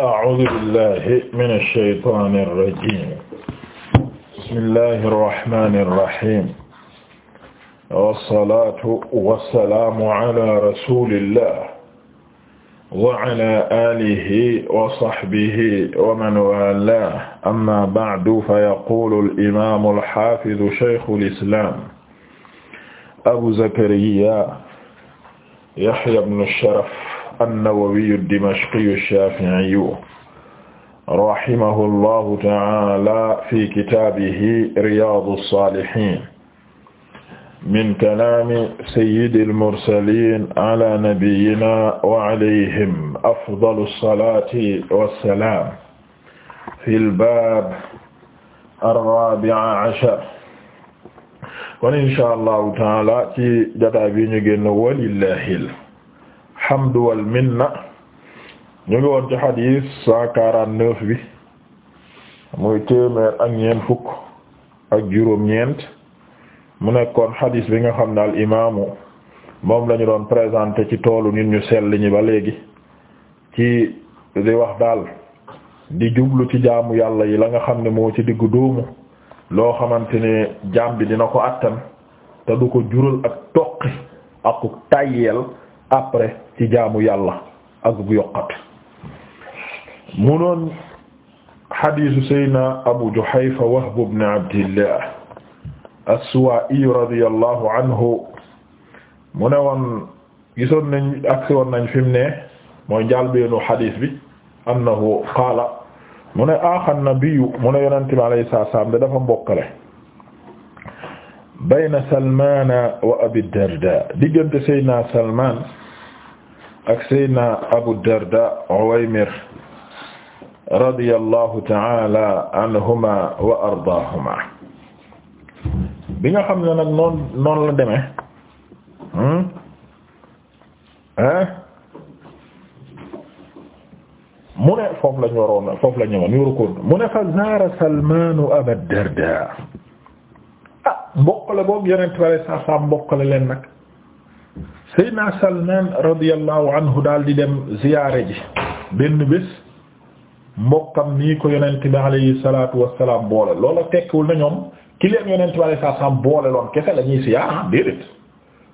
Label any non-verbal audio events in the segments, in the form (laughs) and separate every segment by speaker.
Speaker 1: a'uuzu billaahi mina shaytaani rajiim bismillaahi rahmaani rahiim wassalaatu wassalaamu alaa rasuulillaah wa alaa aalihi wa sahbihi wa man waalaah ammaa ba'du fayaquulu al-imaamu al-haafidu shaykhul islaam Abuu Zakariyaa Yahyaa ibnu Sharaf an-Nawawi ad-Dimashqi ash-Shafi'i rahimahu llahu ta'ala fi kitaabihi Riyaadu s-Saalihiin min kalaami sayyidil mursaliin ala nabiyyinaa wa alayhim afdalu s-salaati wa s-salaam fil baab ar-raabi'a ashar kon inshaa Allahu ta'ala ci jotaay bi ñu génn walillahil alhamdu wal minna ñu ngi woon ci xadiis cent quarante-neuf bi muy téeméer ak ñeent fukk ak juróom-ñeent mu nekkoon xadiis bi nga xam ne al imaamu moom lañu doon présenté ci toolu nit ñu sell ñi ba léegi ci di wax daal di jublu ci jaamu yàlla yi la nga xam ne moo ci diggu dóomu loo xamante ne jaam bi dina ko àttan te du ko jural ak toqi ak tayyeel après ci jaamu yàlla ak bu yokkat mu noon xadiisu saydna abu juhayfa wahb ibn abdillah as-suwaa'i radiyallahu anhu mu ne woon gisoon nañ agsi woon nañ fi mu ne mooy njàlbeenu xadiis bi annahu qaala mu ne aaxa nabiyu mu ne yonente bi alayhi salaatu salaam da dafa mbokkale bayna salmaana wa abi darda diggante saydna salmaan ak Seydina Abu Darda Uwaymir radiyallahu ta'ala anhuma wa ardaahuma bi nga xam ne nag noon noonu la demee ah mu ne foofu la ñu waroon foofu la ñu waroon ñu ko mu ne fa zaara Salmaanu Aba Darda ah mbokkale boobu yeneen traçais sax mbokk la leen nag. Seydina Salman radiyallahu anhu daal di dem ziyaare ji benn bés mbokkam nii ko yonent bi alayhi salaatu wassalaam boole loola tekkiwul na ñoom ki leen yonent bi alayhi salaam boole loon kese la ñuy ziyaara ah, déedéet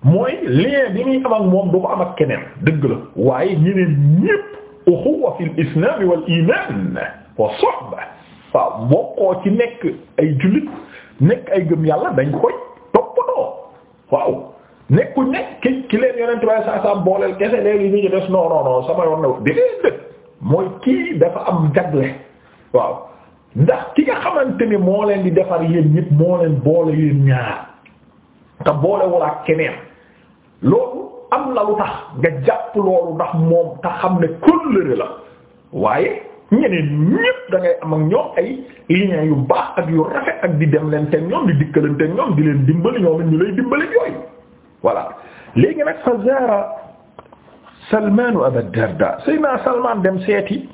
Speaker 1: mooy lien bi muy am ak moom du ko am ak keneen dëgg la waaye ñeneen ñépp uxuwa fil islaam wal iimaan wa soxba waaw mbokkoo ci nekk ay jullit nekk ay gëm yàlla dañ koy toppatoo waaw. nekkuñ ne ki ki leen yonent waaye saa saa booleel kese léegi ñu ci des non sama yoon na wax déedéet mooy kii dafa am jagle waaw ndax ki nga xamante ni moo leen di defar yéen ñëpp moo leen boole yéen ñaar te boolewul ak keneen loolu am la lu tax nga jàpp loolu ndax moom te xam ne kóllëre la waaye ñeneen ñëpp da am ak ñoom ay liens yu baax ak yu rafet ak di dem leen te ñoom di dikkalante ñoom di leen dimbali ñoom ñu lay dimbali yooyu. voilà léegi nag fa zaara salmaanu Abaa Dardaa Seydina Salmaan dem seeti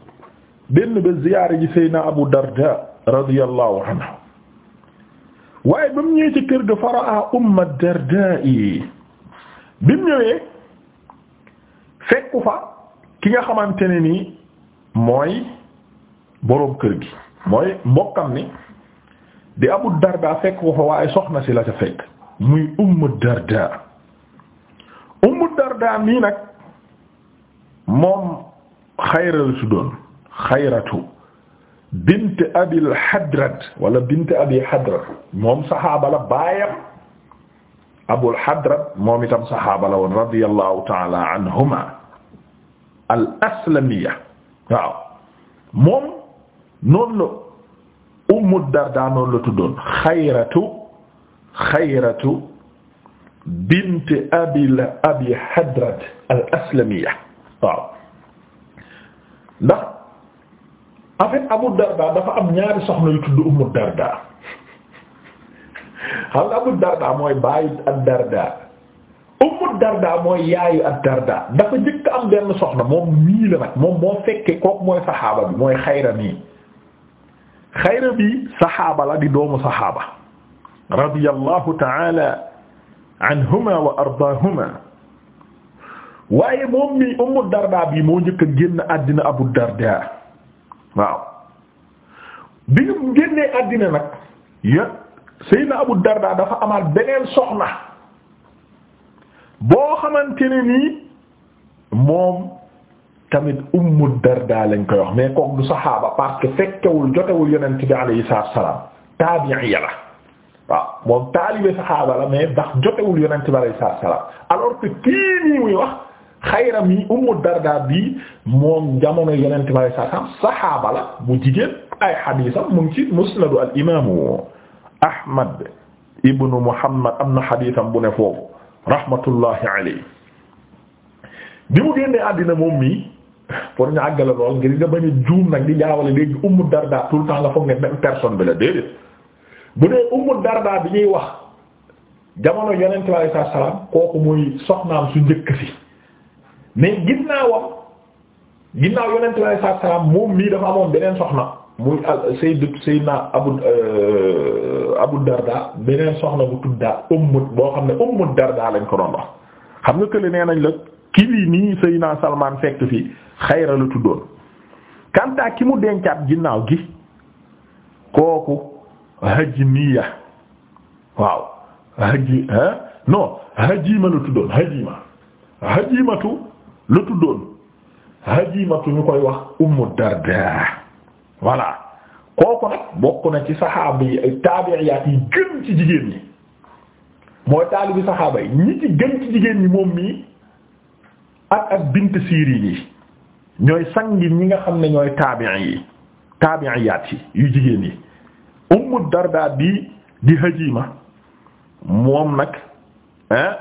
Speaker 1: benn ba ziyaara ji Seydina Abu Dardaa radiyallahu anhu waaye ba mu ñëwee ci kër ga faraa Umma Dardaa yi bi mu ñëwee fekku fa ki nga xamante ne nii mooy boroom kër gi mooy mbokkam ni di Abu Dardaa fekk ko fa waaye soxna si la ca fekk muy Umma Dardaa Dardaa mii nag moom xayra la tuddoon xayratu bint abil hadrad wala bint abi hadrad moom saxaaba la baayam abul hadrad moom itam saxaaba la woon radiyallahu taala anhuma al aslamiya waaw moom noonu la ummu Dardaa noonu la tuddoon xayratu xayratu bint abi la abi hadrad al aslamiya waaw ndax abu darda dafa am ñaari soxna yu tudd ummu darda xam nga abu darda mooy baayu ad darda ummu darda mooy yaayu ad darda dafa njëkk am benn soxna moom mii moom moo fekkee kooku mooy saxaaba bi mooy xayra mii xayra bi saxaaba la di doomu saxaaba radiyallahu ta'ala anhuma wa ardaahuma waaye moom mi ummu darda bi moo njëkk a génn àddina abu darda waaw bi mu génnee àddina nag ya sayyidina abu darda dafa amaat beneen soxna boo xamante ne nii moom tamit ummu darda lañ koy wax mais kook du saxaaba parce que fekkewul jotewul yonent bi alayhi salaam taabi'i la moom taalibe saxaaba la mais ndax jotewul yonent bi alayhi salaatu salaam alors que kii nii muy wax xayram yi ummu darda jamono yonent bi alayhi salaatu salaam saxaaba la bu jigéen ay xadiisam mu ngi ci musnadu al imaamu ibnu Muhammad am na xadiisam bu ne foofu rahmatullahi alayhi bi mu génnee àddina moom mii pour ñu àggale lool ngir nga bañ a juum nag jaawale léegi ummu darda tout le temps nga foog ne même personne bi la déedéet. bu dee ummu darda bi ñuy wax jamono yonent bi alayhi salaam kooku muy soxnaam su njëkk si mais ginnaawam ginnaaw yonent bi alayhi moom mii dafa amoon beneen soxna muy Seydou Seydina Abu euh, Abu Darda beneen soxna bu tudda ummu boo xam ne ummu Darda lañ ko doon wax xam nga kële nee nañ la kii bii nii Seydina Salman fekk fi xayra la tuddoon kanta ki mu dencaat ginnaaw gi kooku. hajmiya waaw haji ah non hajima la tuddoon hajimatu la tuddoon hajimatu ñu koy wax ummu darda voilà kooku nag bokk na ci saxaaba yi ay taabi'iyaat yi gën ci jigéen ñi yi moom mii ak ak bint Siiriin yi ñooy sangi ñi nga xam ne ñooy taabi'i yi taabi'iyaat yi yu jigéen yi. ummu darda bii di hajima moom nag ah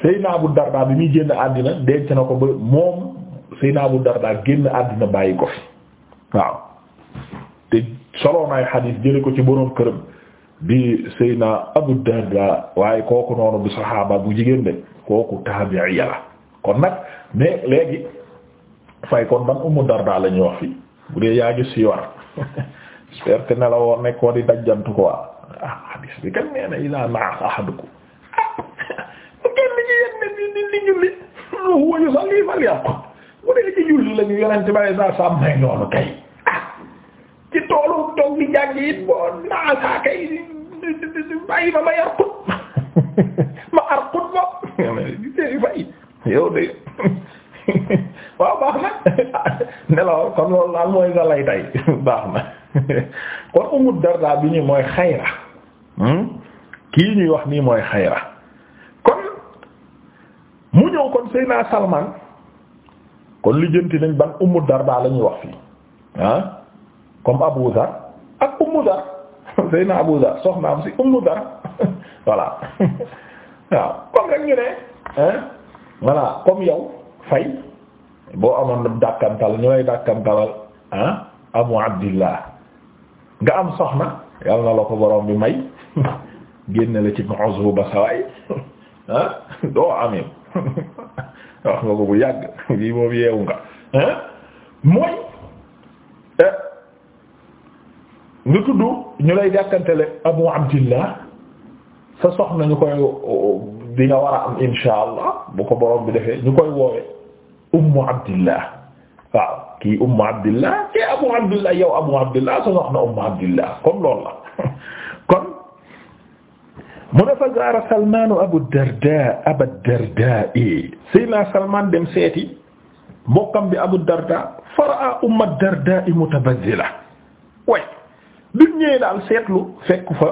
Speaker 1: Seydina bu Darda bi muy génn àddina denc na ko ba moom Seydina Abu Darda génn àddina bàyyi ko fi waaw te solo xadiis jële ko ci boroom këram bi Seydina Abu Darda waaye kooku noonu du saxaaba bu jigéen de kooku taabi'iya la kon nag mais léegi fay kon ban ummu Darda la wax fii bu dee yaa gis (laughs) war j'espère que nelawoo nekkoo di dajjantu ko waa ah hadis bi kan nee na idaa naasa ahadukum ah (laughs) kenn ci yéen ne di di di julli huwa yusalli falyaqul bu dee ci julli la ñu yonente bale sa sàmmay loolu kay ah ci toolu toog di jàng it boo naasa kay bàyyi ma ma yarqut (laughs) ma arqut bo gisee fay yow de (laughs) waaw baax na nelaw kon loolu daal mooy sa lay baax na kon Ummu Darda bi ñu mooy xayra hmm? kii ñuy wax nii mooy xayra kon mu ñëw kon Seydina Salman kon lijjanti nañ ban Ummu Darda la ñuy wax fii ah comme Abu Dhar ak Ummu Dhar Seydina Abu Dhar soxnaam si Ummu Dhar (laughs) voilà (laughs) waaw comme rek ñu ne voilà comme yow. fay boo amoon dàkkantal ñu lay dàkkantalal ah abu abdillah nga am soxna yàlla la ko borom bi may (laughs) génne la ci uzbu ba sawaay (laughs) ah doo amee (laughs) wax nga ko bu yàgg lii moom yeewu nga ah, eh, nga tudd ñu lay dàkkantale abu abdillah sa soxna ñu koy di nga war a am insha allah bu ko borom bi defee ñu koy woowee ummu abdillah waaw kii ummu abdillah kii abu abdillah yow abu abdillah sa soxna ummu abdillah comme loolu la (laughs) kon mu ne fa zaara salmaanu abu darda abu darda i sayyidina salmaan dem seeti mbokkam bi abu darda faraa ummu darda i mutabazzila way bi ñëwee daal seetlu fekk fa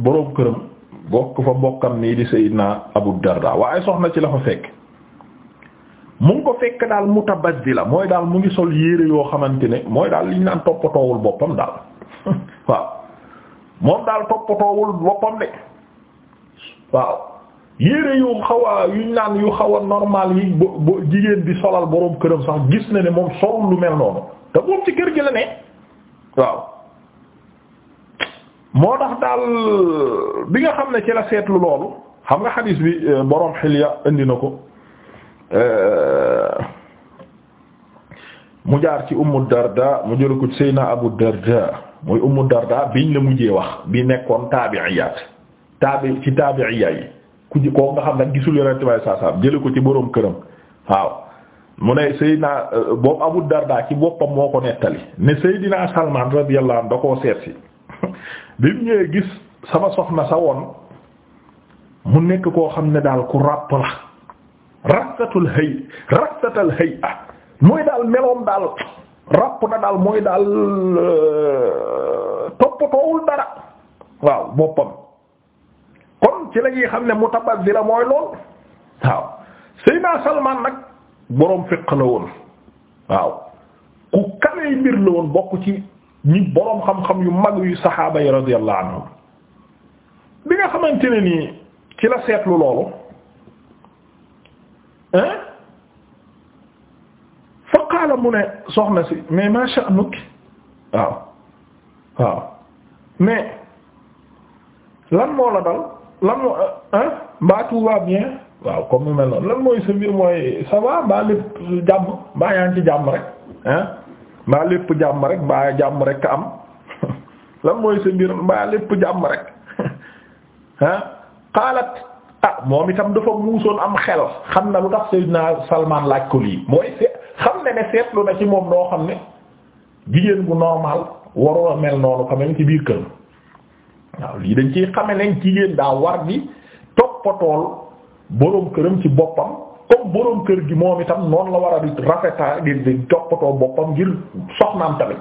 Speaker 1: boroom këram bokk fa mbokkam nii di sayyidina abu darda waaye soxna ci la fa fekk mu ngi ko fekk daal mu la mooy daal mu ngi sol yére yoo xamante ne mooy daal li naan toppatoowul boppam daal (laughs) waaw moom daal toppatoowul boppam de waaw yére yu xaw a yu ñu naan yu xaw a normal yi bo bo jigéen bi solal boroom këram sax gis na ne moom solul lu mel noonu te moom ci kër gi la ne waaw moo tax daal bi nga xam ne ci la seetlu loolu xam nga xadiis bi eh, boroom Hilya indi na ko. Euh, mu jaar ci ummu darda mu jëla ko ci seyna abu darda muy ummu darda biñ la mujjee wax bi nekkoon taabi'iyaat taabi ci taabi'iya yi ku ji koo nga xam ne gisul yonent baay saa jële ko ci boroom këram waaw mu ne seyna euh, boobu abu darda ci boppam moo ko nettali ne seydina salman radiyallahu anhu da koo seet si (laughs) bi mu ñëwee gis sama soxna sa woon mu nekk koo xam ne daal ku ràpp la raksatul hay raksatal hay ah daal meloom daal ràpp na daal mooy daal euh, toppatoowul dara waaw boppam kon ci la ñuy xam ne mutabazzila mooy lool waaw Seydina Salman nag boroom fiq la waaw ku kaley mbir la woon ci ñi boroom xam-xam yu mag yu saxaaba yi radiyallahu anhum bi nga xamante ne nii ci la seetlu loolu fa qaala mu ne soxna si mais ma sha'nuk waaw waaw mais lan moo la dal lan moo hein mbaa tout va bien waaw comme mu mel sa mbir mooy ça va mbaa lépp jàmm mbaa yaa ngi jàmm rek hein mbaa lépp jàmm rek mbaa jàmm rek am (laughs) lan mooy sa mbir mbaa lépp jàmm rek (laughs) hein qaalat ah moom itam dafa muusoon am xel xam na lu tax Seydina Salman laaj ko lii mooy seet xam ne ne seetlu na ci moom noo xam ne jigéen bu normal waroo mel noonu quand ci biir kër waaw lii dañ ci xame ne jigéen daa war bi toppatool boroom këram ci boppam comme boroom kër gi moom itam noonu la war a di rafeta di di toppatoo boppam ngir soxnaam tamit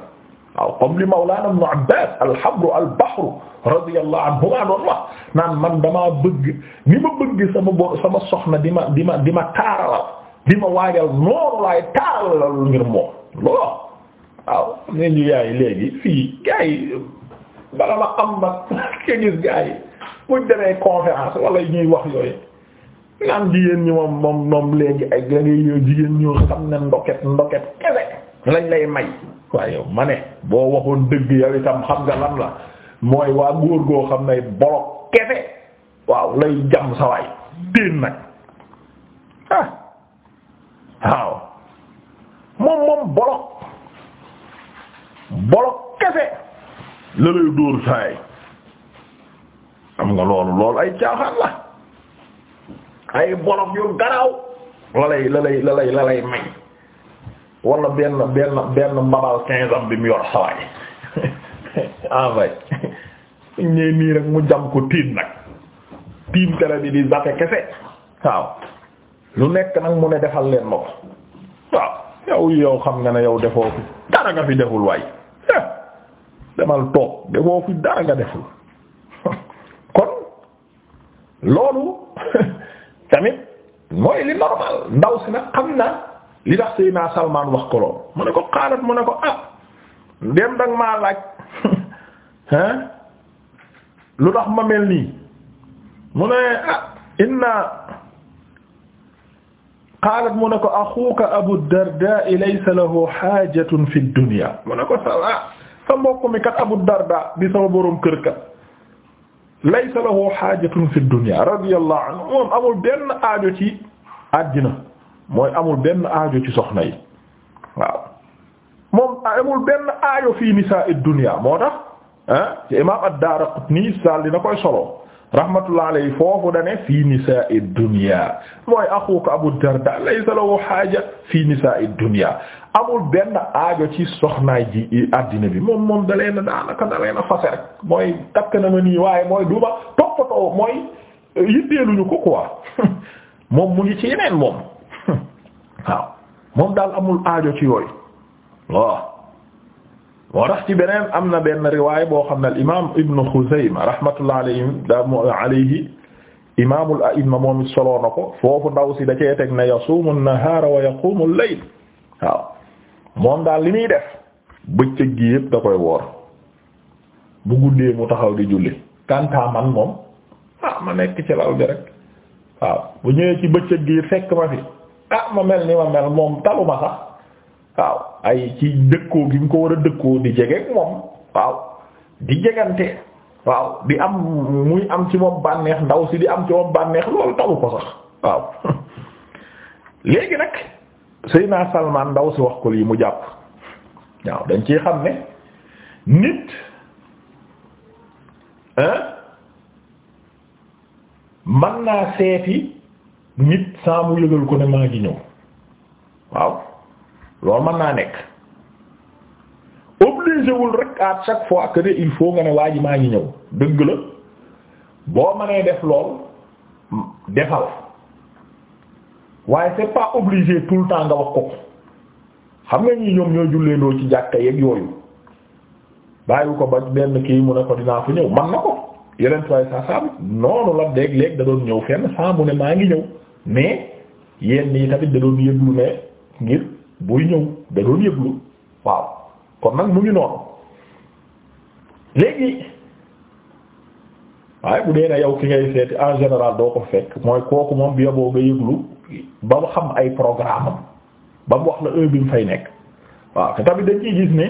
Speaker 1: waaw comme li Mawlana Ibn Abbas al-habru al-bahru radiyallahu anhuma doon wax naan man damaa bëgg ni ma bëgg sama bo sama soxna di ma di ma di ma taaralal di ma waajal noonu laay taaralal ngir moom loolu waaw ne ñu yaay léegi fii gars yi bala ma am nag ke (laughs) gis gars yi buñ demee conférence wala ñuy wax yooyu naan jigéen ñi moom moom moom léegi ay léegi jigéen ñoo xam ne ndoket ndoket kese lañ lay may waaye yow ma boo waxoon dëgg yow itam xam nga lam la mooy waa góor goo xam ne bolok kese waaw lay jam sa waay nag ah waaw moom moom bolok bolok kese la dóor saay am nga loolu lool ay caaxaan la ay bolok yu garaaw la lay la lay may wala benn benn benn mabal quinze am bi mu yor sawaay envoy ah, ñëw nii rek mu jam ko tiim nag tiim tele bi di zappe kese waaw lu nekk nag mu ne defal leen ma ko waaw yow yow xam nga ne yow defoo fi dara nga fi deful waay eh. demal toog defoo fi dara nga deful (laughs) kon loolu (laughs) tamit mooy li normal ndaw si nag xam na li tax Seydina Salman wax ko mu ne ko xaalat mu ne ko ah dem danga maa laaj ah (laughs) lu tax ma mel nii mu ne ah inna xaalat mu ne ko axuuka Abu Darda laysa lahu xaajatun fi dunya mu ne ko sa ah sa mbokk mi kat Abu Darda di sama boroom kër kat laysa lahu xaajatun fi dunya radiyallahu anhu moom amul benn aajo ci àddina mooy amul benn aajo ci soxna yi waaw moom amul benn aajo fii nisaa dunya moo tax ah ci imaam ad-Daraqutni sal dina koy solo rahmatullah alayhi foofu dane fii nisaa dunya mooy axuka Abu Darda laysa lahu haaja fii nisaa dunya amul benn aajo ci soxnaay ji addina bi moom moom da leen daanaka da leen fase rek mooy takk na ma nii waaye mooy du ma toppatoo mooy yitteeluñu ko quoi (laughs) moom mu ngi ci yeneen moom. waaw moom daal amul aajo ci yooyu waaw moo tax ci beneen am na benn riwaay boo xam ne al imaam Ibn Xuzayma rahmatullahi alayhi da alayhi imaamul moom it soloo na ko foofu ndaw si da cee teg ne yasuumu an wa yaquumu al waaw moom daal li muy def bëccëg gi yëpp da koy woor bu guddee mu taxaw di julli kantaa man moom ah ma nekk ci lal bi rek waaw bu ñëwee ci bëccëg gi fekk ma fi ah ma mel ni ma mel moom taluma sax waaw ay ci dëkkoo gi mu ko war a dëkkoo di jegeek moom waaw di jegante waaw di am muy am ci moom bànneex ndaw si di am ci moom bànneex loolu talu ko sax waaw (laughs) léegi nag Seydina Salman ndaw si wax ko lii mu jàpp waaw dañ ci xam ne nit hein man naa seeti nit saa mu yëgal ko ne maa ngi ñëw waaw loolu man naa nekk obligé rek à chaque fois que ne il faut nga ne waa ji maa ngi ñëw dëgg la boo mënee def lool defal waaye c'est pas obligé tout le temps nga wax ko xam nga ñi ñoom ñoo julleendoo ci jàkka yeeg yooyu bàyyi ko ba benn kii mu ne ko dinaa fa ñëw man na ko yeneen tuwaay saa saa noonu la léeg-léeg da doon ñëw fenn saa ne maa ngi ñëw. mais yenn yi tamit da doon yëglu ne ngir buy ñëw da doon yëglu waaw kon nag mu ngi noonu léegi waaye bu dee na yow ki ngay seeti en général doo ko fekk mooy kooku moom bi yoboo nga yëglu ba mu xam ay programme ba mu wax la heure mu fay nekk waaw te tamit dañ ciy gis ne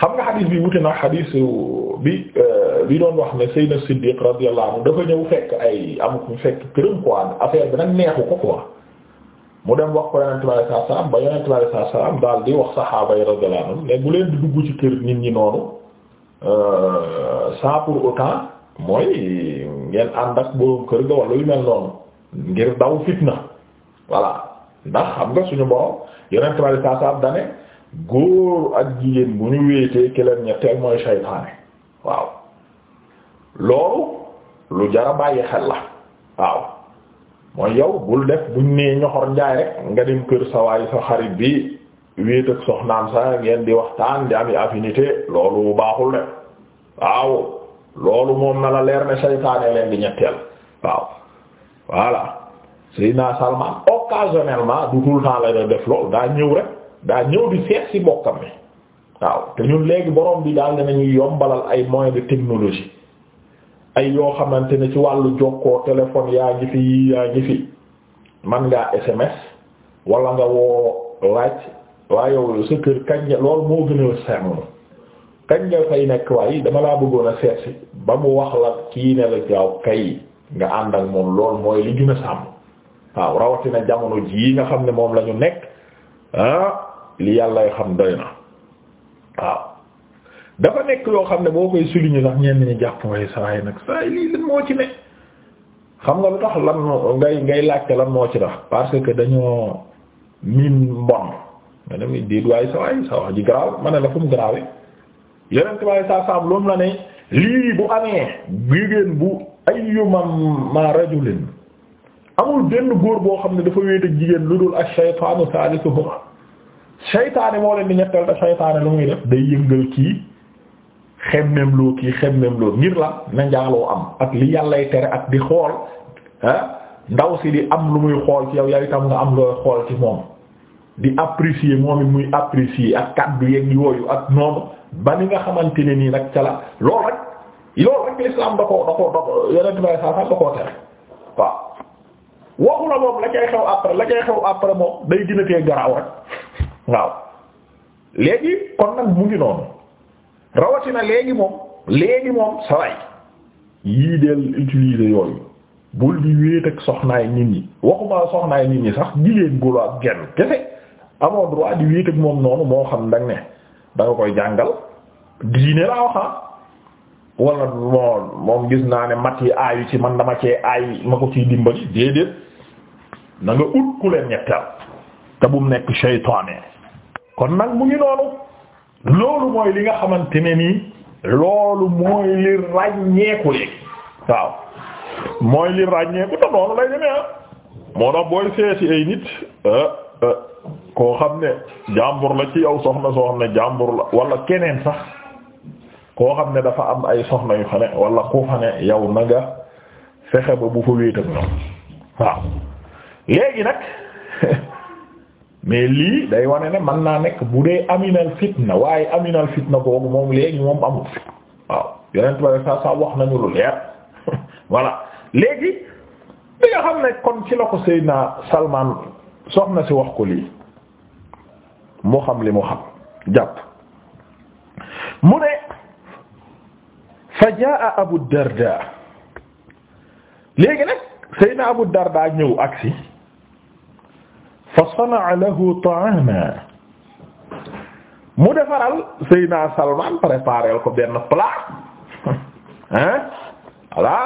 Speaker 1: xam nga xadiis bi wute na xadiis bi euh, bi doon wax ne Seydina Siddiq radiyallahu anhu dafa ñëw fekk ay am ku fekk këram quoi affaire bi nag neexu ko quoi mu dem wax ko Yonent bi sallallahu alayhi wasallam ba Yonent bi sallallahu alayhi daal di wax saxaaba yi radiyallahu anhum mais bu leen di ci kër nit ñi noonu euh, sans pour autant mooy ngeen ànd ak boroom kër ga wala yu mel noonu ngir daw fitna voilà ndax xam nga suñu borom Yonent bi sallallahu alayhi wasallam góor ak jigéen bu ñu wéetee ki leen ñetteel mooy saytaane loolu lu jara bàyyi xel la waaw mooy yow bul def buñ nee ñoxor njaay rek nga dem kër sa waay sa xarit bi wéet ak sa ngeen di waxtaan di am affinité loolu baaxul de waaw loolu moom na la leer ne saytaane leen di ñetteel waaw voilà Seydina Salman occasionnellement du tout le temps la def loolu daa ñëw rek daa ñëw di seet ci bokkam mi waaw te ñun léegi borom bi daal ne nañuy yombalal ay moyens de technologie ay yoo xamante ne ci wàllu jokkoo téléphone yaa ngi fi yaa ngi fi man ngaa SMS walla nga woo laaj waaye yow sa kër kañ loolu moo gën a sàmm kañ nga fay nekk waaye dama laa bëggoon a seet ba mu wax la kii ne la jaaw kay nga ànd moom loolu mooy li gën a sàmm waaw rawatina jamono jii nga xam ne moom lañu nekk ah li yàlla xam doy na waaw. dafa nekk yoo xam ne boo koy souligner sax ñenn ñi jàpp way saay nag saay lii lan moo ci ne xam nga lu tax lan ngay ngay lan moo ci tax parce que dañoo miin mbon nga ne muy déet waaye sa sa wax ji garaaw ma ne la fu mu garaawee yeneen tubaab yi saa saabu loolu la ne lii bu amee jigéen bu ayyuma ma rajulin amul benn góor boo xam ne dafa wéet ak jigéen lu dul ak shaytaanu saalisuhuma shaytaane moo leen di ñettal da shaytaane lu muy def day xemmem loo kii xemmem loo ngir la na am ak li yàllay tere ak di xool ndaw si di am lu muy xool ci yow yaw itam nga am looy xool ci moom di apprécier moom it muy apprécier ak kàddu yeeg yooyu ak noonu ba ni nga xamante ne nii nag ca la loolu rek loolu rek l'islam da koo da koo da yeneen tubaab saa da koo tere waaw. waxu la moom la cay xew après la cay xew après moom day gën garaaw rek waaw léegi kon nag mu ngi noonu. rawatina léegi moom léegi moom saway yii deel utiliser yooyu bul di wéet ak soxnaay nit ñi waxuma soxnaay nit ñi sax jigéen bu la genn kese amoo droit di wéet ak moom noonu moo xam danga ne da nga koy jàngal diine laa waxa ah. moom gis naa ne mat yi aayu ci man dama cee aay ma ko ciy dimbali déedéet na nga ut ku leen ñetteel te bu mu nekk seytaane kon nag mu ngi noonu loolu mooy li nga xamante ne nii loolu mooy li ràññeeku léegi waaw mooy li ràññeeku te noonu lay demee ah moo tax booy seeti ay nit eh, eh, koo xam ne jàmbur la ci yow soxna soo xam ne jàmbur la wala keneen sax koo xam ne dafa am ay soxna yu fa ne wala ku fa ne yow na nga fexe ba bu fa wéet ak waaw léegi nag (laughs) mais lii day wane ne mën naa nekk bu dee aminal fitna waaye aminal fitna googu moom léegi moom amul waaw yeneen tubaab saa saa wax nañu lu leer (laughs) voilà léegi bi nga xam ne kon ci la ko Seydina Salman soxna si wax ko lii mu xam li mu xam jàpp mu ne fa jaa Abu Darda léegi nag Seydina Abu Darda ñëw agsi fa sanaa lahu ta'aama mu defaral Seydina Salman préparel ko benn plat (laughs) hein voilà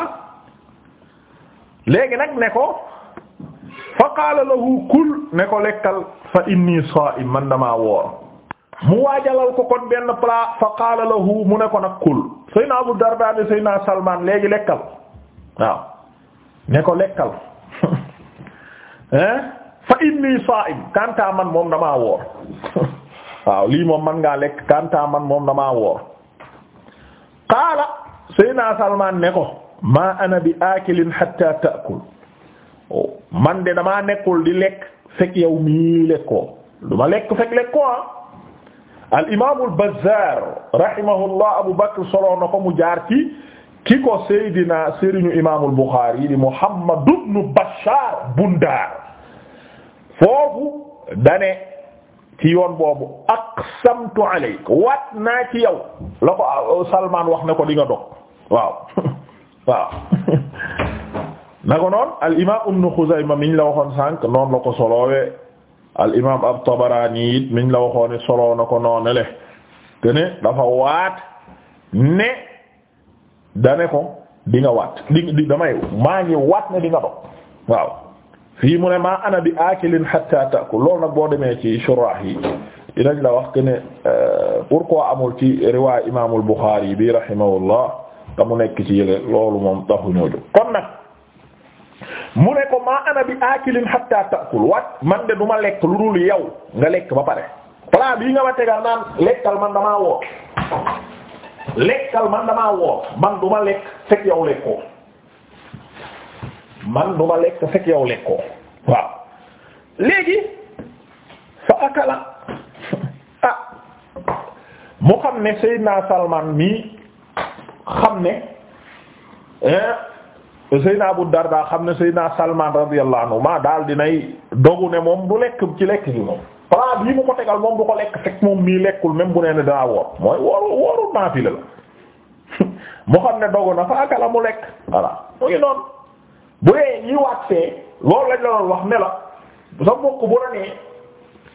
Speaker 1: léegi nag ne ko fa qaala lahu kul ne ko lekkal fa inni saa'im man damaa woor mu waajalal ko kon benn plat fa qaala lahu mu ne ko nag kul Seydina Abu Darda ne naa Salman léegi lekkal waaw ne ko lekkal (laughs) hein inni saa'im (laughs) lii moom man ngaa lekk kanta man moom damaa woor qaala sayna Salmaan ne maa ana bi aakilin hatta ta'kul oh, man de damaa nekkul di lekk fekk yow mii lekkoo duma lekk fekk lekkoo ah al imaam al Bazzaar rahimahullah Abu Bakr soloo na ko mu jaar ci ki ko Seydina Serigne imaamul Bukhari di Muhammad ibn Bashar Bundar foofu dane ci yoon boobu aqsamtu alayk waat naa ci yow la ko euh, Salman wax ne ko di dog waaw (laughs) waaw (laughs) na ko noon al imam ibn Khuzaymah miñ la waxoon sànq noon la ko soloowe al imam at-Tabarani it miñ la waxoon soloo na ko noonu te ne dafa waat ne dane ko di nga waat di damay maa ngi waat ne di dog waaw fii mu ne maa ana bi aakilin hatta taakul lool nag boo demee ci shurah yi dinañ la wax que ne euh, pourquoi amul ci riwaay imaamul Buxaari bi rahimahullah te mu nekk ci loolu moom taxuñoo jóg kon nag mu ne ko maa ana bi aakilin hatta taakul waat man de du ma lekk lu dul yow nga lekk ba pare plat bii nga ma tegal naan lekkal man damaa woor lekkal man damaa woor man du ma lekk fekk yow lekkoo man du ma lekk fekk yow lekkoo waaw léegi fa ah mu xam ne Seydina Salman mii xam ne Seydina Abu Darda xam ne Seydina Salman radiyallahu anhu ma daal dinay dogu ne moom du lekk ci lekk ci moom plan bii mu ko moom du ko lekk fekk moom mii lekkul même bu nee ne daa mooy wooru wooru naafila la (laughs) mu xam ne dogu na fa mu lekk voilà mu ngi noonu bu dee ñi waat loolu lañ la doon wax ne la sa mbokk bu la nee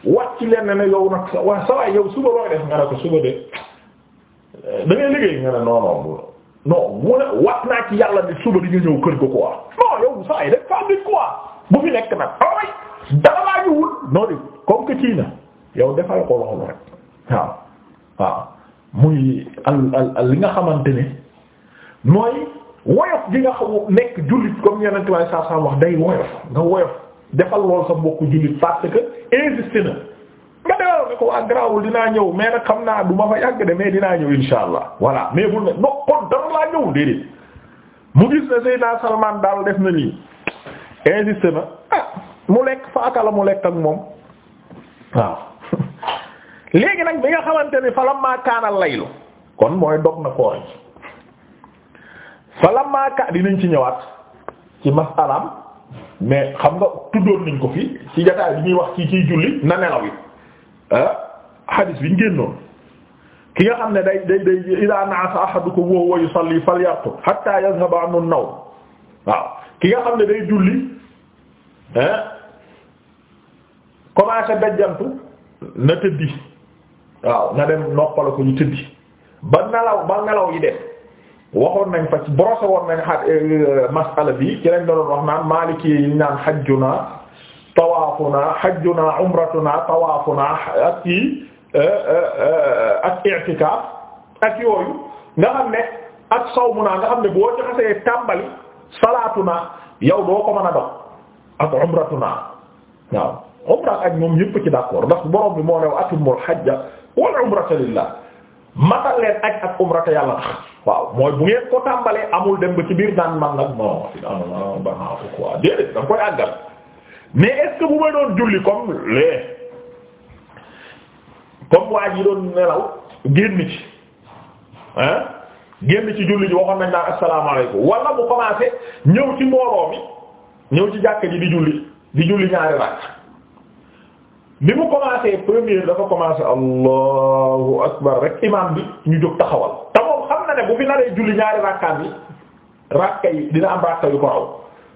Speaker 1: wàcc leen ne yow nag sa waa sa waay suba looy def nga ne ko suba de da ngay liggéey nga ne non non non naa ci yàlla ni suba di nga ñëw kër ga quoi non yow saa yi def femme bi bu fi nekk nag ah dara laa ñu wul comme que kii na yow defal ko loolu rek waaw waaw muy al al li nga xamante ni mooy. woyof gi nga xaw nekk jullit comme yeneen tubaab saa saa wax day woyof nga woyof defal lool sa bokk jullit parce que insisté na nga delloo ko waa garaawul dinaa ñëw mais nag xam naa du ma fa yàgg de mais dinaa ñëw insha allah voilà mais bu ne no kon dara laa ñëw déedéet mu gis ne Seydina Salman daal def na lii insisté na ah mu lekk fa akala mu lekk ak moom waaw (laughs) léegi nag bi nga xamante ni fa la maa laylu kon mooy dog na koor fa lamma ka dinañ ci ñëwaat ci masalaam mais xam nga tuddoon nañ ko fi ci jotaay bi ñuy wax ci ciy julli na nelaw yi ah, hadis bi ñu génnoon ki nga xam ne day day day ida naasa ahadukum wa huwa yusalli falyarqud hatta yadhhaba anhu an-nawm waaw ki nga xam ne day julli ah commencé jantu na tëddi waaw na dem noppala ko ñu tëddi ba nelaw ba nelaw yi def waxoon nañ fa ci brosse woon nañ xa euh, masala bi ci lañ doon wax naan maliki yi naan xajjuna tawaafuna xajjuna umratuna tawaafuna ak kii euh, euh, ak i'tikaaf ak yooyu nga xam ne ak sawmuna nga xam ne boo joxasee tàmbali salaatuna yow doo ko mën a dox ak umratuna waaw umra ak ñoom yëpp ci d'accord ndax borom bi moo new atimul hajja wal umrata lillah matal leen aj ak umra yàlla tax waaw mooy bu ngeen ko tàmbalee amul dem ba ci biir daan man nag non finalement ba naa ko quoi déedéet koy àggal mais est bu may doon julli comme lee comme waa ji doon nelaw génn ci ah génn ci julli ji waxoon nañ naan asalaamaaleykum wala mu commencé ñëw ci mbooloo mi ñëw ci jàkk ji di julli di julli ñaari rakk bi mu commencé premier dafa commencé allahu akbar rek imam bi ñu jóg taxawal te moom xam na ne bu fi naree julli ñaari rakkaan yi rakka yi dina am rakka yu ko raw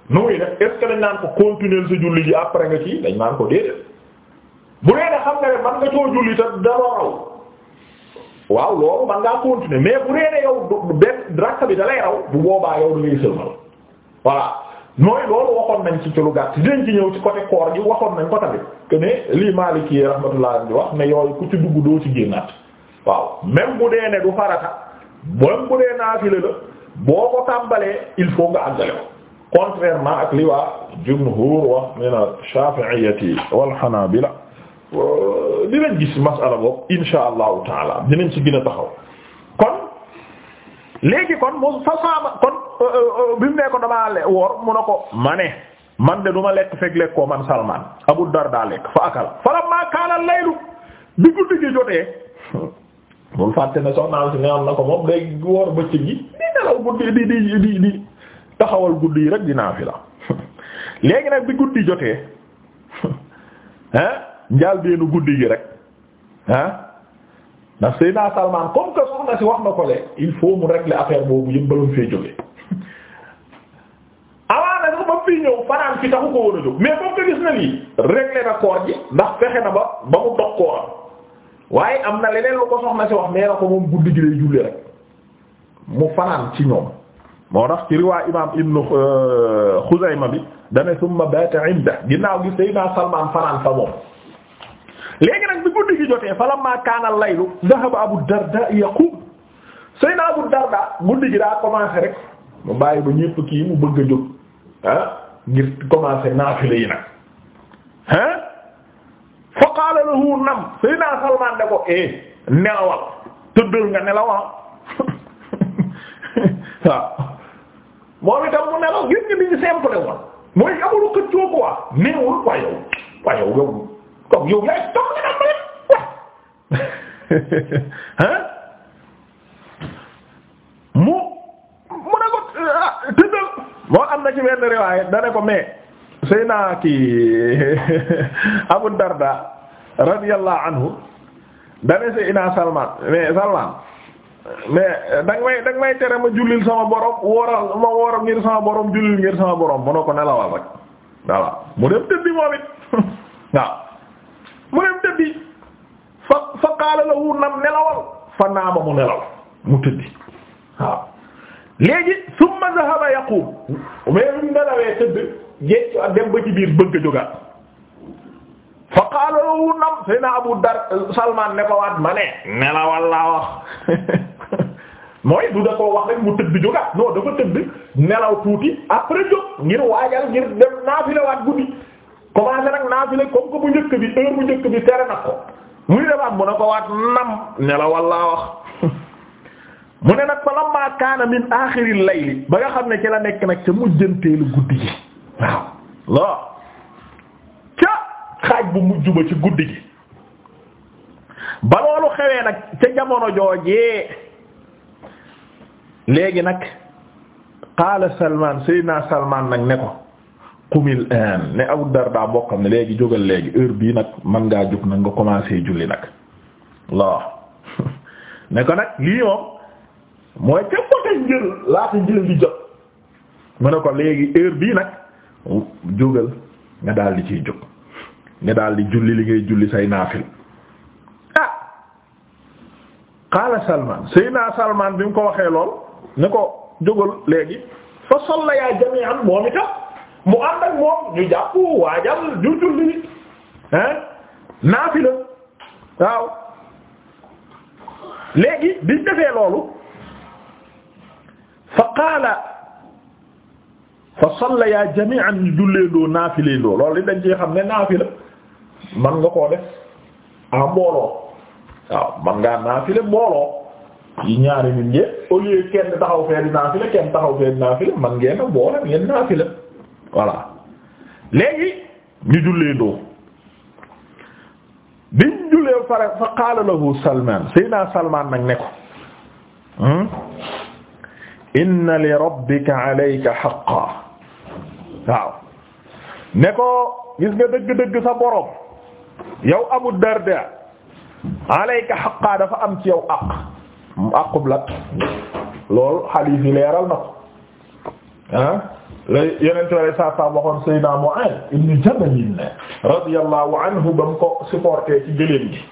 Speaker 1: nu muy def naan ko continuer sa julli ji après nga ci dañ naan ko déedéet bu dee xam nga ne man nga coo julli te daloo raw waaw loolu man ngaa continuer mais bu dee ne benn rakka bi da lay raw bu boobaa yow da ngay sëlmal mooy loolu waxoon nañ ci ci lu gàtt dinañ ci ñëw ci côté koor gi waxoon nañ ko tamit que ne lii Maalik yi rahmatullah wax na yooyu ku ci dugg doo ci génnaat waaw même bu dee ne du farata même bu dee naafila la boo ko tàmbalee il faut nga àggale ko contrairement ak li waa jumhur wax min ash-Shafi'iyyati wal Hanabila euh, dinañ gis masala boobu insha allahu taala dinañ ci gën a taxaw léegi kon moom fa saaba kon euh, euh, euh, bi mu ne ko damaa le woor mu ne ko ma ne man de duma lekk fekk lekkoo man Salman Abu Darda lekk fa akala fala maa kaala laylu bi guddi gi jotee (laughs) bul fàtte ne soxnaal si ne am na ko moom day woor bëccëg gi di nelaw guddi di di di taxawal guddi yi rek dinaa fi la (laughs) léegi nag bi guddi jotee ah (laughs) njaal deenu guddi gi rek ah ndax Seydina Salman comme que soxna si wax na ko le il faut mu régler affaire boobu yëpp baloon fee jóge amaana sax ba fii ñëw fanaan fi taxu ko war jóg mais comme que gis na lii régler na koor ji ndax fexe na ba ba mu dox kooram waaye am na leneen lu ko soxna si wax nee na ko moom guddi gi lay julli rek mu fanaan ci ñoom moo tax ci riwaa imaam ibnu euh, Xuzayma bi dane summa baata inda ginnaaw gi Seydina Salman fanaan fa moom léegi nag jotee falammaa kaana al-laylu dhahaba Abu Darda yaqum Seydina Abu Darda guddi gi daa commencé rek mu bàyyi ba ñépp kii mu bëgg a jóg ah ngir commencé naafila yi nag ah fa qaala lahu nam Seydina Salmaan da ko eh nelawal tëddal nga nelawal (laughs) waaw moom mu nelaw gis nga bi ñu simple woon mooy amul xëccoo quoi néewul quoi yow quoi yow yow comme yow yaay toog (laughs) hein mu mu ne ko ah, tëddal moo am na ci benn riwaaye da ko mais sëy naa kii (laughs) Darda radiyallahu anhu da ne Salman mais Salman mais danga may danga may tere ma jullil sama borom wooral ma wooral ngir sama borom jullil ngir sama borom mu ne ko nelawal rek voilà mu dem tëddi moom it (laughs) qaala lahu nam nelawal fa naama nelaw mu tëddi waaw léegi summa zahaba yaqum mais mu nelawee tëdd géej ak dem ba ci biir bëgg a jógaat fa qaala nam sëy Abu Dar Salman ne ko waat ma ne nelawal laa wax (laughs) mooy du da ko wax rek mu tëdd jógaat non dafa tëdd nelaw tuuti après jóg ngir waajal ngir dem naafila guddi commencé nag naafila comme que bu njëkk bi heure bu njëkk bi tere na ko muy defaat mu ne ko waat nam ne la wallaa wax (laughs) mu ne nag fa lamma kaana min aaxiril layli ba nga xam ne ci la nekk nag ca mujjanteelu guddi gi waaw loo ca xaaj bu mujj ba ci guddi gi ba loolu xewee nag ca jamono joojee léegi nag qaala Salmaan Seydina Salmaan nag ne ko qumil an ne Abu bokkam ne léegi jógal léegi heure bi nag man ngaa jóg nag nga commencé julli nag waaw (laughs) ne ko nag lii moom mooy mu ne ko léegi heure bii nag jógal nga daal di ciy jóg nga daal di julli li ngay julli say naafil ah qaala Salman Seydina Salman bi mu ko waxee lool ne ko jógal léegi fa salla yaa jami'an moom itam mu ànd moom ñu jàpp waajal ñu julli hein naafila waaw léegi biñ defee loolu fa qaala fa salla yaa jami'an ñu julleendoo naafileendoo loolu dañ ci xam ne naafila man nga xoole def a mbooloo waaw man ngaa naafile mbooloo yi ñaari nit ngeen au lieu kenn taxaw fee di naafile kenn taxaw fee di naafile man ngeen a boole ngeen naafile voilà léegi ñu jullee ndoo biñ jullee pare fa qaala lahu salman sayyidina salman nag ne ko hmm? li rabbika alayka haqqan waaw ne ko gis nga dëgg sa borom yow Abu Darda alayka haqqan dafa am ci yow aq aqub lat loolu xadiis yi la yenente ware saa sa waxoon Seydina Mu'aaz ibn Jabal radiyallahu anhu ba mu ko supporté ci gëléem gi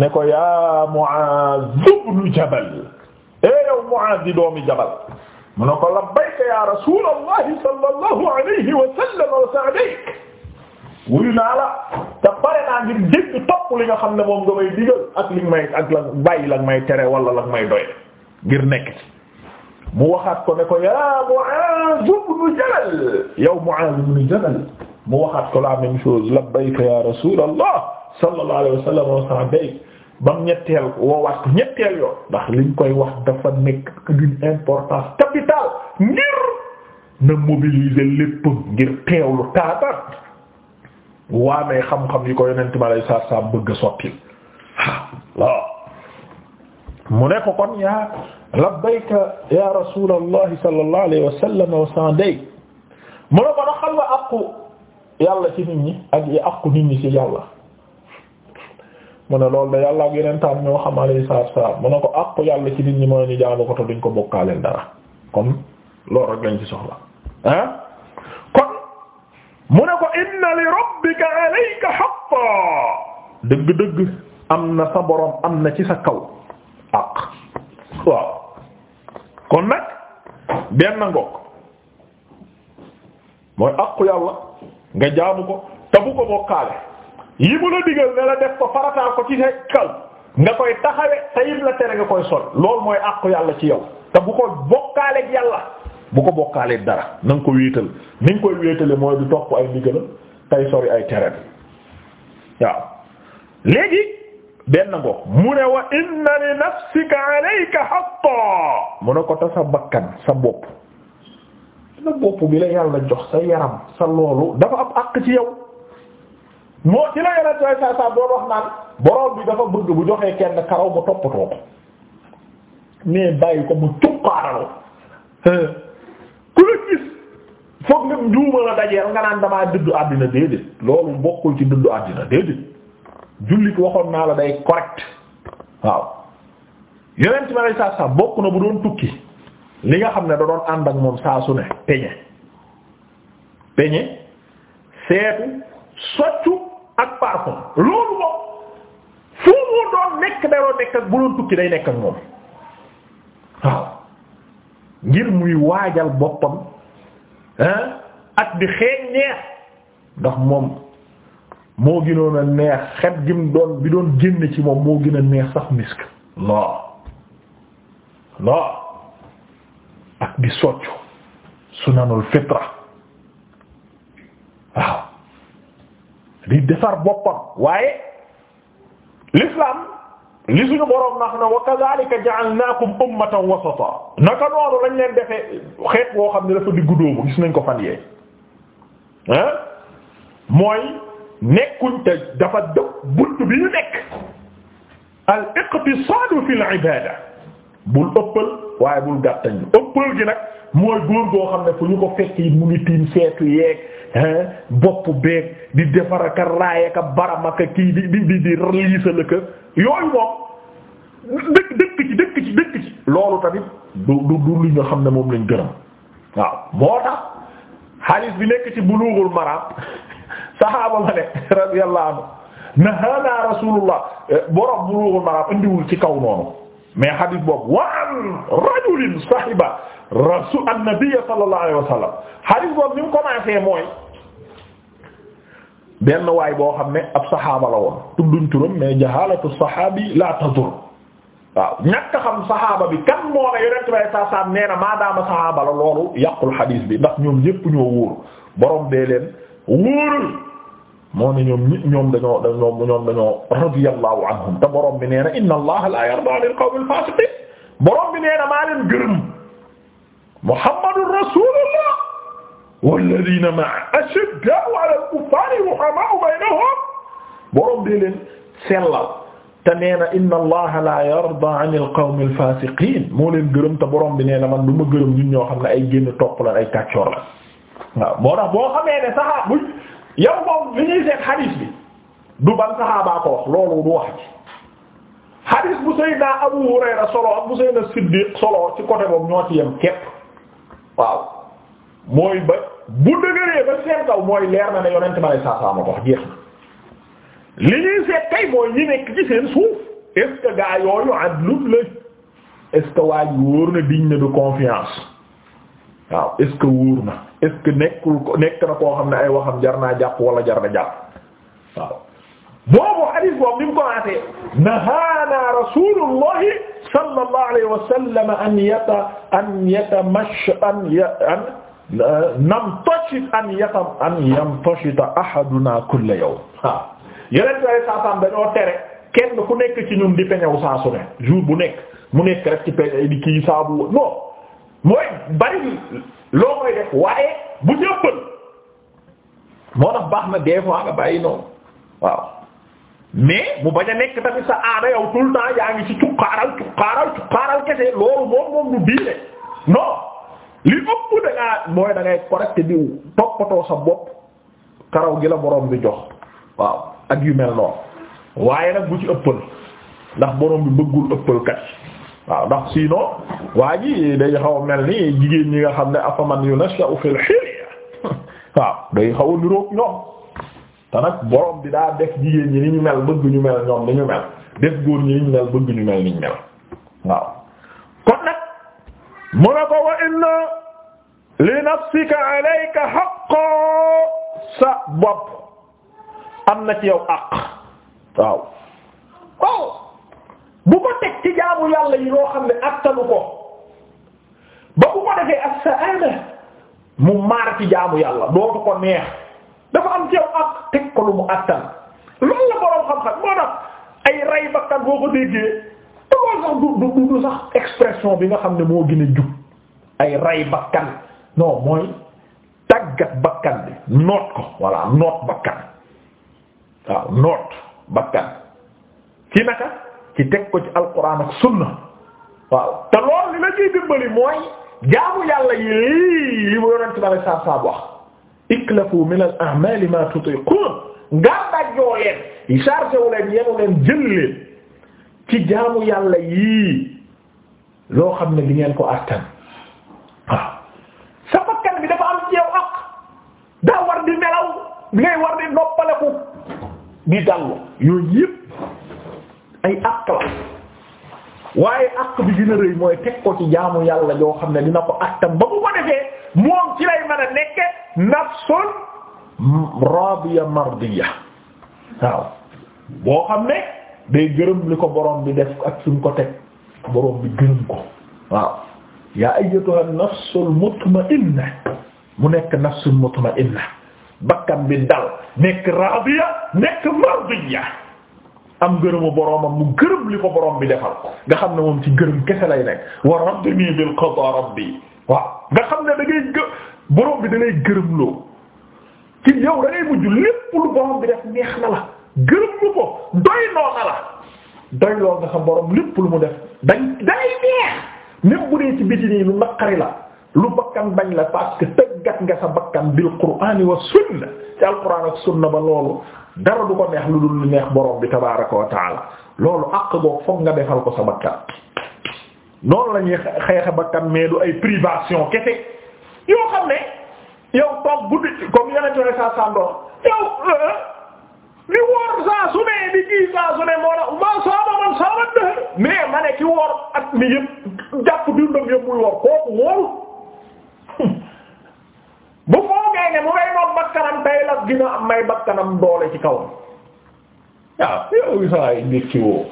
Speaker 1: ne ko yaa Mu'aaz ibn Jabal e yow Mu'aaz di doomi Jabal mu ne ko labbayka ya rasulallahi sallallahu alayhi wa sallam wa sa'dayk naa la te pare ngir dégg topp li nga xam ne moom nga may digal ak li may ak la bàyyi la may tere wala la may doy ngir nekk ci mu waxaat ko ne ko yaa Mu'aaz ibn Jabal yow Mu'aaz ibn Jabal mu waxaat ko la même chose labbayka ya Rasuulallah sallallahu alayhi wa sallam wa sa'bayk ko ñetteel yoon ndax liñ koy wax dafa nekk d'une ngir na mobiliser lépp ngir teewlu taatat waamee xam-xam yi ko yonent mi alayhi salaatu bëgg a sotti waaw mu ne ko kon yaa labbayka ya rasulallahi sallallahu alayhi wa sallam wa sa'dayk mu ne ko na xam nga yàlla ci nit ñi ak yi àqu nit ñi ci yàlla mu ne loolu da yàlla ak yeneen taam ñoo xam alayhi salaatu wa mu ne ko àqu yàlla ci nit ñi mooy ñu jaamu ko te duñ ko bokkaaleen dara kon loolu rek lañ ci soxla ah kon mu ne ko inna li rabbika alayka haqqan dëgg-dëgg am na sa boroom am na ci sa kaw àq waaw kon nag benn ngoog mooy àqu yàlla nga jaamu ko te bu ko bokkaale yi mu la digal ne la def ko farataal ko ci sa kaw nga koy taxawe te yim la tere nga koy sol loolu mooy àqu yàlla ci yow te bu ko bokkaaleeg yàlla bu ko bokkaaleeg dara na nga ko wéetal ni nga koy wéetale mooy du topp ay digal tey sori ay tere bi waaw léegi benn ngo mu ne wa inna li nafsika alayka haqqan mu ne ko ta sa bakkan sa bopp sa bopp bi la yàlla jox sa yaram sa loolu dafa am àq ci yow moo ci la yaram sa sa sa doon wax naan borom bi dafa bëgg bu joxee kenn karaw mu toppatoo ko mais bàyyi ko mu tukkaaraloo eh. ku la gis foog nga njuuma la dajeel nga naan damaa dëddu àddina déedéet loolu bokkul ci dëddu àddina déedéet jullit waxoon naa la day correct waaw yeneen ci ma lay saa saa bokk na bu doon tukki li nga xam ne da doon ànd ak moom saa su ne peñe peñe seetu soccu ak parfum loolu moom fu mu doon nekk da doon nekk ak bu doon tukki day nekk ak moom waaw ngir muy waajal boppam hein ak di xeeñ neex ndax moom moo gënoon a neex xet gi doon bi doon génn ci moom moo gën a neex sax misk loo loo ak di soccu sunanul fitra waaw di defar boppam waaye l'islam li suñu boroom nax na wa kadhalika ja'alnakum ummatan wasata naka noonu lañ leen defee xeet boo xam ne dafa diggu dóomu gis nañ ko fan yee mooy nekkuñ te dafa dëpp bunt bi ñu nekk al iqtisaadu fil ibaada bul ëppal waaye bul gàttañ ëppal gi nag mooy góor goo xam ne fu ñu ko fekk yi mu ngi tiim seetu yeeg bopp beeg di defar aka raay aka baram aka kii di di di liisal ka yooyu moom dëkk dëkk ci dëkk ci dëkk ci loolu tamit du du du li nga xam ne moom lañ gërëm waaw moo tax xaalis bi nekk ci bulughul maram saxaaba ma ne radiyallahu anhu na hada rasulullah borom Bulughul Maram indiwul ci kaw noonu mais hadith boobu wa an rajulin sahiba rasul an-nabiy sallallahu alayhi wa sallam hadith boobu ni mu commencé mooy benn waay boo xam ne ab saxaaba la woon tudduñ turam mais jahalatu saxaabi la tadur waaw ñàkk xam saxaaba bi kan moo ne yonent bi saa saa nee na maadaama saxaaba la loolu yàqul hadith bi ndax ñoom ñépp ñoo wóor borom dee leen wóorul. moo ne ñoom ñoom dañoo dañoo ñoom dañoo radiyallahu anhum te borom bi nee na inna allaha la yarda lil qawmil fasiqin borom bi nee na maa leen gërëm muhammadur rasulullah walladina ma'a ashiddaa'u ala al-kuffari ruhamaa'u baynahum borom bi leen sellal te nee na inna allaha la yarda 'anil qawmil fasiqin moo leen gërëm te borom bi nee na man du ma gërëm ñun ñoo xam ne ay génn topp la ay kàccoor la waaw moo tax boo xamee ne sax yow moom li ñuy seet xadiis bi du ban saxaabaa ko wax loolu du wax ci xadiis bu Seydina Abu Hurayra solo ak bu Seydina Siddiq solo ci côté boobu ñoo ci yem képp waaw mooy ba bu dëgëree ba seen kaw mooy leer na ne yonent ma lay saasaama ko na li ñuy seet kay mooy ñi nekk ci seen suuf est-ce que gaa yooyu adlu la est-ce que waa ji wóor na digne de confiance waaw est-ce que wóor na est-ce que nekkul ko nekk na koo xam ne ay waxam jar naa jàpp wala jar na jàpp waaw boobu hadith boobu ni mu commencé nahaana rasulullahi sallallahu alayhi wa sallam an yata an yatamash an an namtashit an yatam an yamtashita ahaduna kulla yawm waaw yeneen yooyu saasaam dañoo tere kenn ku nekk ci ñun di peñew saa su ne jour bu nekk mu nekk rek ci peñe di kii saabu non mooy bari loo koy def waaye bu jëppal moo tax baax na des fois nga bàyyi noonu waaw mais mu bañ a nekk tamit sa aada yow tout le yaa ngi ci cuqaaral cuqaaral cuqaaral kese loolu moom moom du diine non li ëpp da mooy da ngay correct di toppatoo sa bopp karaw gi la borom bi jox waaw ak yu mel noonu waaye nag bu ci ëppal ndax boroom bi bëggul ëppal kat waaw ndax sinon waa ji day xaw a mel ni jigéen ñi nga xam ne afaman yunasha'u fil hilya (laughs) waaw day xaw a niroog ñoom te nag borom bi daa def jigéen ñi ni ñu mel bëgg ñu mel ñoom ni ñu mel def góor ñi ni ñu mel bëgg ñu mel ni mel waaw kon nag mu ne ko wa inna li nafsika alayka haqqan sa bopp am na ci yow àq waaw bu ko teg ci jaamu yàlla yi loo xam ne attalu ko ba bu ko defee ak saana mu maar ci jaamu yàlla dootu ko neex dafa am ceew ak teg ko lu mu attan loolu la boroom xam-xam ay rey boo ko bi nga xam ne moo gën a jub ay rey bakkan non mooy tàggat bakkan bi noot ko voilà noot bakkan waaw noot bakkan ci naka ci teg ci alquran ak sunna waaw te loolu li la ciy dimbali mooy jaamu yàlla yi lii li mu yonent bi alei wax iklafu min al a'mali ma tutiqun ngaa dajjoo leen chargé wu leen yenu ci jaamu yàlla yii loo xam ne di ngeen ko attan sa bakkan bi dafa am ci yow ak daa war di nelaw ngay war di noppaleku di dallu yooyu yépp ay àq waaye àq bi dina mooy teg ko ci jaamu yàlla yoo xam ne dina ko àttam ba bu ko defee moom ci lay mën a nekke nafsun radiya mardiya waaw boo xam ne day gërëm li ko boroom bi def ak suñ ko teg borom bi gërëm ko waaw yaa ayyatuha nafsul mutma'inna mu nekk nafsul mutma'inna bakkan bi dal nekk radiya nekk mardiya am gërëmu boromam mu gërëm li ko borom bi defal nga xam ne moom ci gërëm kese lay nekk wa raddini bil qada rabbi waaw nga xam ne da gë borom bi da ngay gërëm loo ci yow da mujj lépp lu borom bi def neex na la gërëm lu ko doy noo na la doy loo nga xam borom lépp lu mu def dañ day neex même bu dee ci biti nii lu naqari la lu bakkan bañ la parce que tëggat nga sa bakkan bil qur'ani wa sunna ci alquran ak sunna ba loolu dara du ko neex lu dul neex borom bi tabaaraka wa taala loolu àq boobu foog nga defal ko sa bakkan noonu la ñuy xeexe bakkan mais du ay privation kese yoo xam ne yow toog guddi comme yow li euh, woor saa su ne di kii saa su ne moo la ma saama man saama dëhër mais ma ne ki woor at mi yëpp jàpp dundam yëpp woor kooku woorul bu foogee ne mu ngay noon bakkanam tay la dina am may bakkanam doole ci kawam waaw ah, yow sawaay ndékki woo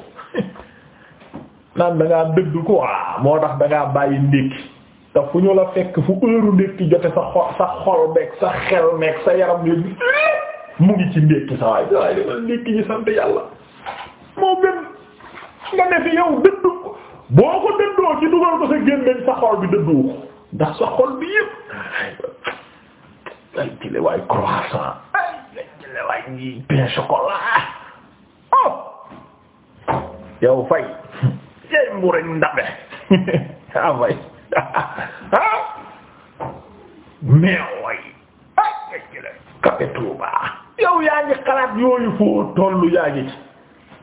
Speaker 1: (laughs) naan da dëdd ko waa ah, moo tax da bàyyi ndékki te fu ñu la fekk fu heure ndékki jote sa xol sa xol meeg sa xel meeg sa yaram léeg (laughs) mu ngi ci ndékki sawaay sawaay dina ndékki ñu sant yàlla moo gën nga ne fi yow dëdd boo ko dëddoo ci dugal ko sa gémmiñ sa xol bi dëddoo ko ndax sa xol bi yépp ay jële waay croissant ay jële waay ñi oh! yow fay (laughs) ah, (laughs) ah! ah, yow yaa ngi xalaat yooyu foo tollu yaa ngi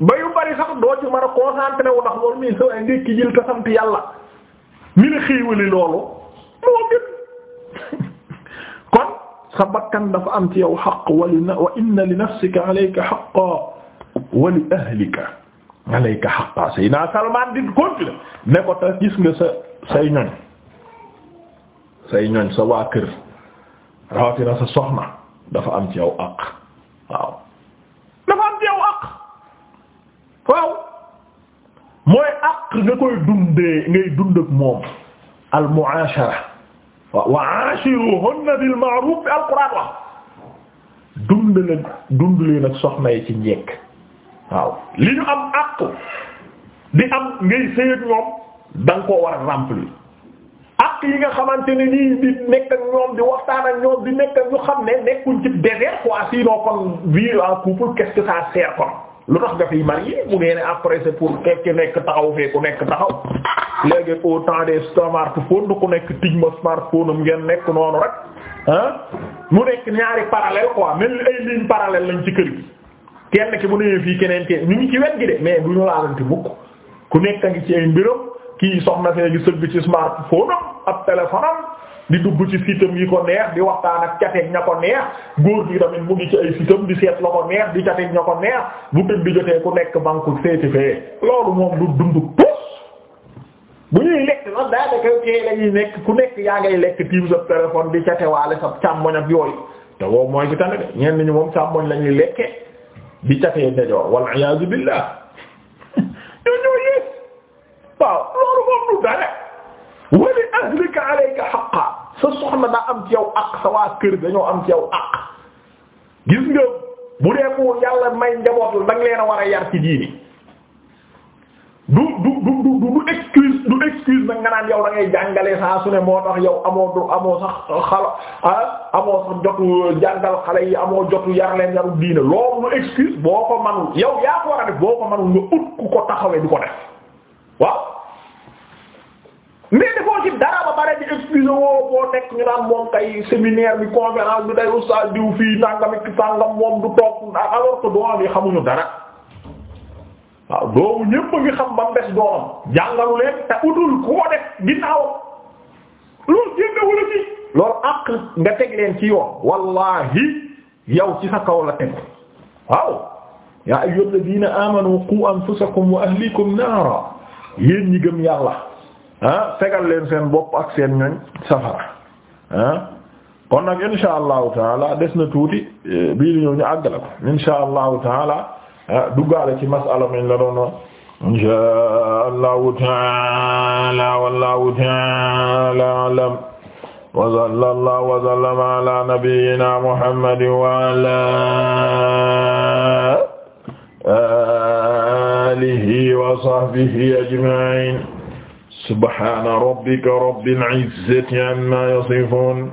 Speaker 1: ba yu bari sax doo ci mën a concentré wu ndax loolu yàlla la loolu moo gën (laughs) kon sa bakkan dafa am ci yow xaq wa li nafsika alayka xaqan wa li ahlika alayka xaqan Seydina Salmaan di continuer ne ko te gis nga sa say ñoñ say sa waa rawatina sa soxna dafa am ci yow àq am ci yow mooy àq nga koy dundee ngay dund moom al wa ashiruhunna bil ma'ruf bi alquran wax dund leen dund leen ak soxna yi ci njekk waaw li ñu am àq di am ngay sëy ak ñoom da koo war a remplir àq yi nga xamante ne nii di nekk ak ñoom di waxtaan ak ñoom di nekk ñu xam ne nekkuñ ci désert quoi sinon kon vivre en couple qu'est-ce que kon lu tax nga fiy marié mu nee après c'est pour quelque nekk taxaw fee ku nekk taxaw léegi au temps des smartphone du ku nekk tigma smartphone am ngeen nekk noonu rek ah mu nekk ñaari parallèle ko mel ni ay ligne parallèle lañ ci kër gi kenn ki bu newee fii keneen ke ñu ngi ci wet gi de mais du ñu laalante mukk ku nekk a ngi ci ay mbiram kii soxna fee gi sëgg ci smartphone am ab téléphone am di dugg ci sitam yi ko neex di waxtaan ak cateeg ña ko neex góor gi tamit mu ngi ci ay sitam di seet la ko neex di cateeg ña ko neex bu tëdd di jotee ku nekk banque seeti fee loolu moom bu ñuy lekk sax daanaka kay lañuy nekk ku nekk yaa ngay lekk tiim sa téléphone di catewaale sa càmmoñ ak yooyu te wow mooy ki tamit de ñenn ñi moom càmmoñ lañuy lekke di catee ndejoor walla iyaazu billaah (laughs) ñoo ñoo yées waaw loolu moom du dara wali ahlika alayka haqqan sa soxna daa am ci yow ak sa waa kër dañoo am ci yow ak gis nga bu dee ko yàlla may njaboot la danga leen a war a yar ci diini du du du du du du excuse nag nga naan yow da ngay jàngale saa su ne moo tax yow amoo du amoo sax xala ah sax jotu jàngal xale yi amoo jotu yar yaru diine loolu lu excuse boo ko manul yow yaa ko war boo ko manul nga ut ku ko taxawee du ko def waaw mais dafoo ci dara ba bare di excuse woo boo nekk ñu naan moom kay séminaire bi conférence bi day oustaz diw fii nangam sàngam moom du toog alors que doom xamuñu dara waaw doomu ñépp ngi xam ba mbes doomam jàngalu leen te utul koo def ginnaaw loolu génnewula ci loolu àq nga teg leen ci yoon wallahi yow ci sa kaw la teg waaw yaa ayyuhal ladina amanu qu anfusakum wa ahlikum naara yéen ñi gëm yàlla ah fegal leen seen bopp ak seen ñoñ safara ah kon nag insha allahu taala des na tuuti eh, bii di ñëw ñu àggala ko taala Ah duggaale ci masala mañ la doon inshaa allahu taala wallahu taala alam wa sallallahu wa sallama ala nabiyyina muhammadin wa ala alihi wa sahbihi ajma'in subhana rabbika rabbil izzati amma yasifun